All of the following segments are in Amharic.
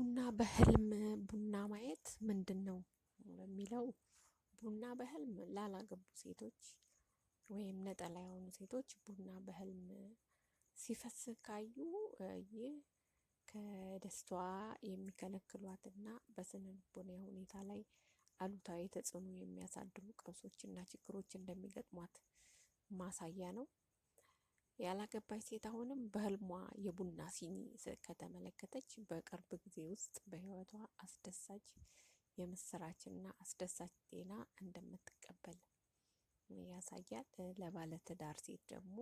ቡና በህልም ቡና ማየት ምንድን ነው የሚለው፣ ቡና በህልም ላላገቡ ሴቶች ወይም ነጠላ የሆኑ ሴቶች ቡና በህልም ሲፈስ ካዩ ይህ ከደስታዋ የሚከለክሏትና በስነ ልቦና ሁኔታ ላይ አሉታዊ ተጽዕኖ የሚያሳድሩ ቀውሶችና ችግሮች እንደሚገጥሟት ማሳያ ነው። ያላገባች ሴት አሁንም በህልሟ የቡና ሲኒ ከተመለከተች በቅርብ ጊዜ ውስጥ በህይወቷ አስደሳች የምስራችና አስደሳች ዜና እንደምትቀበል ያሳያል። ለባለትዳር ሴት ደግሞ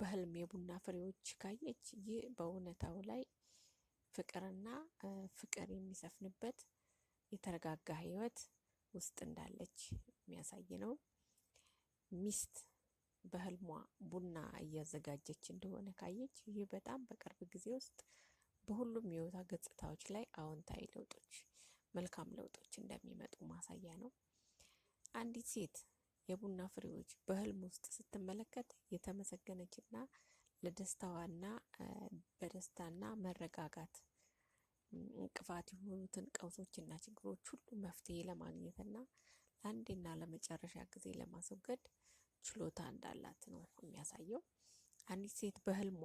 በህልም የቡና ፍሬዎች ካየች ይህ በእውነታው ላይ ፍቅርና ፍቅር የሚሰፍንበት የተረጋጋ ህይወት ውስጥ እንዳለች የሚያሳይ ነው። ሚስት በህልሟ ቡና እያዘጋጀች እንደሆነ ካየች ይህ በጣም በቅርብ ጊዜ ውስጥ በሁሉም የህይወቷ ገጽታዎች ላይ አዎንታዊ ለውጦች፣ መልካም ለውጦች እንደሚመጡ ማሳያ ነው። አንዲት ሴት የቡና ፍሬዎች በህልም ውስጥ ስትመለከት የተመሰገነችና ለደስታዋና በደስታና መረጋጋት እንቅፋት የሆኑትን ቀውሶችና ችግሮች ሁሉ መፍትሄ ለማግኘትና ለአንዴና ለመጨረሻ ጊዜ ለማስወገድ ችሎታ እንዳላት ነው የሚያሳየው። አንዲት ሴት በህልሟ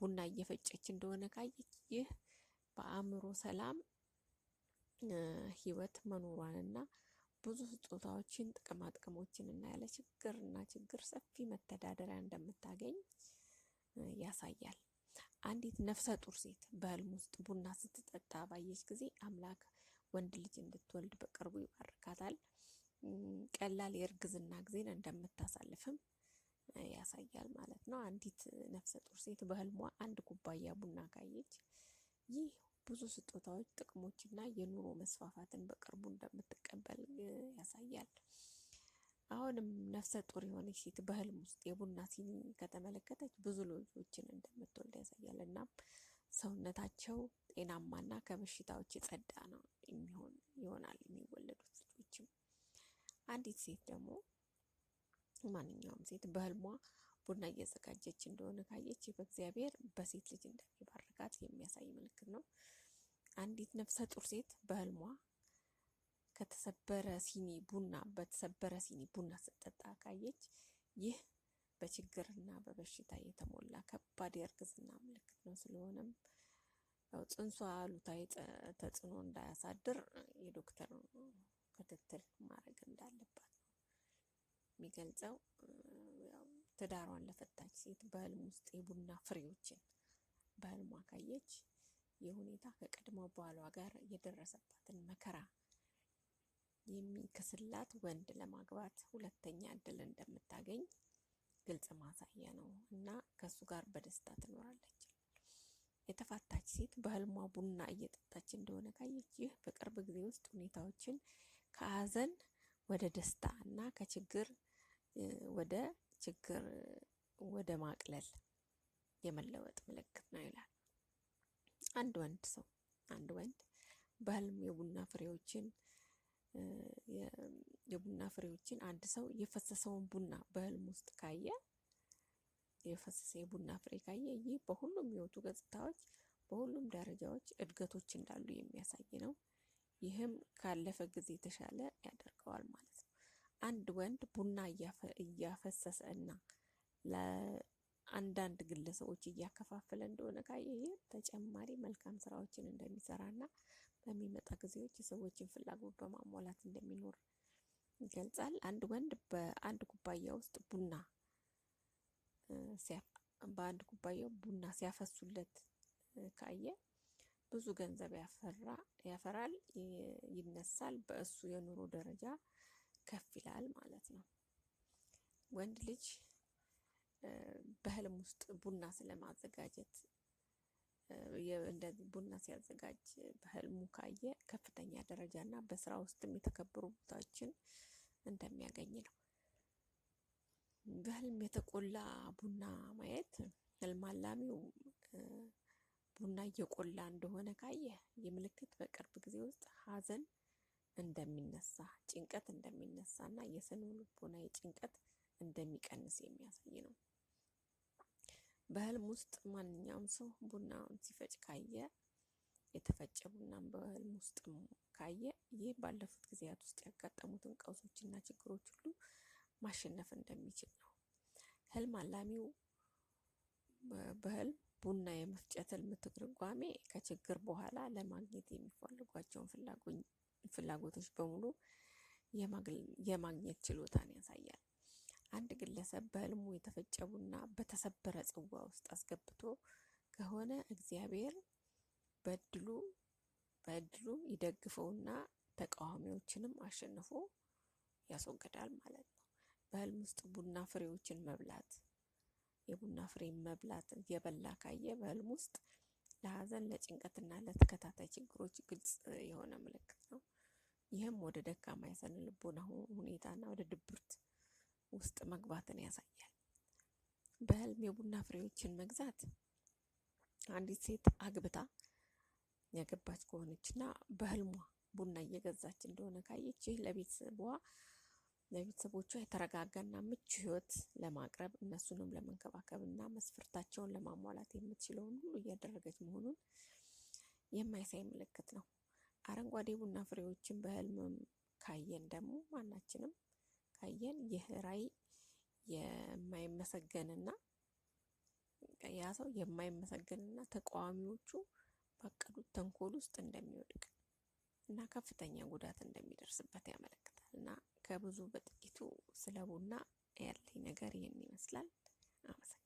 ቡና እየፈጨች እንደሆነ ካየች ይህ በአእምሮ ሰላም ህይወት መኖሯንና ብዙ ስጦታዎችን ጥቅማ ጥቅሞችን እና ያለ ችግርና ችግር ሰፊ መተዳደሪያ እንደምታገኝ ያሳያል። አንዲት ነፍሰ ጡር ሴት በህልም ውስጥ ቡና ስትጠጣ ባየች ጊዜ አምላክ ወንድ ልጅ እንድትወልድ በቅርቡ ይባርካታል። ቀላል የእርግዝና ጊዜን እንደምታሳልፍም ያሳያል ማለት ነው። አንዲት ነፍሰ ጡር ሴት በህልሟ አንድ ኩባያ ቡና ካየች ይህ ብዙ ስጦታዎች፣ ጥቅሞች እና የኑሮ መስፋፋትን በቅርቡ እንደምትቀበል ያሳያል። አሁንም ነፍሰ ጡር የሆነች ሴት በህልም ውስጥ የቡና ሲኒ ከተመለከተች ብዙ ልጆችን እንደምትወልድ ያሳያል። እናም ሰውነታቸው ጤናማና ከበሽታዎች የጸዳ ነው የሚሆን ይሆናል የሚወለድ አንዲት ሴት ደግሞ ማንኛውም ሴት በህልሟ ቡና እየዘጋጀች እንደሆነ ካየች በእግዚአብሔር በሴት ልጅ እንደሚባርካት የሚያሳይ ምልክት ነው። አንዲት ነፍሰ ጡር ሴት በህልሟ ከተሰበረ ሲኒ ቡና በተሰበረ ሲኒ ቡና ስትጠጣ ካየች ይህ በችግርና በበሽታ የተሞላ ከባድ የእርግዝና ምልክት ነው። ስለሆነም ያው ጽንሷ አሉታዊ ተጽዕኖ እንዳያሳድር የዶክተር ክትትል ማድረግ እንዳለባት ነው የሚገልጸው። ትዳሯን ለፈታች ሴት በህልም ውስጥ የቡና ፍሬዎችን በህልሟ ካየች ይህ ሁኔታ ከቀድሞ ባሏ ጋር የደረሰባትን መከራ የሚክስላት ወንድ ለማግባት ሁለተኛ እድል እንደምታገኝ ግልጽ ማሳያ ነው እና ከእሱ ጋር በደስታ ትኖራለች። የተፋታች ሴት በህልሟ ቡና እየጠጣች እንደሆነ ካየች ይህ በቅርብ ጊዜ ውስጥ ሁኔታዎችን ከሀዘን ወደ ደስታ እና ከችግር ወደ ችግር ወደ ማቅለል የመለወጥ ምልክት ነው ይላል። አንድ ወንድ ሰው አንድ ወንድ በህልም የቡና ፍሬዎችን የቡና ፍሬዎችን አንድ ሰው የፈሰሰውን ቡና በህልም ውስጥ ካየ የፈሰሰ የቡና ፍሬ ካየ ይህ በሁሉም ህይወቱ ገጽታዎች በሁሉም ደረጃዎች እድገቶች እንዳሉ የሚያሳይ ነው። ይህም ካለፈ ጊዜ የተሻለ ያደርገዋል ማለት ነው። አንድ ወንድ ቡና እያፈሰሰ እና ለአንዳንድ ግለሰቦች እያከፋፈለ እንደሆነ ካየ ይህ ተጨማሪ መልካም ስራዎችን እንደሚሰራ እና በሚመጣ ጊዜዎች የሰዎችን ፍላጎት በማሟላት እንደሚኖር ይገልጻል። አንድ ወንድ በአንድ ኩባያ ውስጥ ቡና በአንድ ኩባያው ቡና ሲያፈሱለት ካየ ብዙ ገንዘብ ያፈራል፣ ይነሳል። በእሱ የኑሮ ደረጃ ከፍ ይላል ማለት ነው። ወንድ ልጅ በህልም ውስጥ ቡና ስለማዘጋጀት እንደዚህ ቡና ሲያዘጋጅ በህልሙ ካየ ከፍተኛ ደረጃ እና በስራ ውስጥም የተከበሩ ቦታዎችን እንደሚያገኝ ነው። በህልም የተቆላ ቡና ማየት ህልም አላሚው ቡና እየቆላ እንደሆነ ካየ የምልክት ምልክት በቅርብ ጊዜ ውስጥ ሀዘን እንደሚነሳ ጭንቀት እንደሚነሳ እና የስነ ልቦና ጭንቀት እንደሚቀንስ የሚያሳይ ነው። በህልም ውስጥ ማንኛውም ሰው ቡናውን ሲፈጭ ካየ የተፈጨ ቡናን በህልም ውስጥ ካየ ይህ ባለፉት ጊዜያት ውስጥ ያጋጠሙትን ቀውሶች እና ችግሮች ሁሉ ማሸነፍ እንደሚችል ነው። ህልም አላሚው በህልም ቡና የመፍጨት ህልም ትርጓሜ ከችግር በኋላ ለማግኘት የሚፈልጓቸውን ፍላጎቶች በሙሉ የማግኘት ችሎታን ያሳያል። አንድ ግለሰብ በህልሙ የተፈጨ ቡና በተሰበረ ጽዋ ውስጥ አስገብቶ ከሆነ እግዚአብሔር በእድሉ በእድሉ ይደግፈውና ተቃዋሚዎችንም አሸንፎ ያስወግዳል ማለት ነው። በህልም ውስጥ ቡና ፍሬዎችን መብላት የቡና ፍሬ መብላት የበላ ካየ በህልም ውስጥ ለሀዘን፣ ለጭንቀትና ለተከታታይ ችግሮች ግልጽ የሆነ ምልክት ነው። ይህም ወደ ደካማ የስነ ልቦና ሁኔታና ወደ ድብርት ውስጥ መግባትን ያሳያል። በህልም የቡና ፍሬዎችን መግዛት አንዲት ሴት አግብታ ያገባች ከሆነችና በህልሟ ቡና እየገዛች እንደሆነ ካየች ይህ ለቤተሰቧ ለቤተሰቦቿ የተረጋጋና ምቹ ህይወት ለማቅረብ እነሱንም ለመንከባከብ እና መስፈርታቸውን ለማሟላት የምትችለውን ሁሉ እያደረገች መሆኑን የማይሳይ ምልክት ነው። አረንጓዴ ቡና ፍሬዎችን በህልምም ካየን ደግሞ ማናችንም ካየን ይህ ራይ የማይመሰገንና ያ ሰው የማይመሰገንና ተቃዋሚዎቹ ባቀዱት ተንኮል ውስጥ እንደሚወድቅ እና ከፍተኛ ጉዳት እንደሚደርስበት ያመለክታል። ከብዙ በጥቂቱ ስለ ቡና ያለኝ ነገር ይህን ይመስላል። አመሰግናለሁ።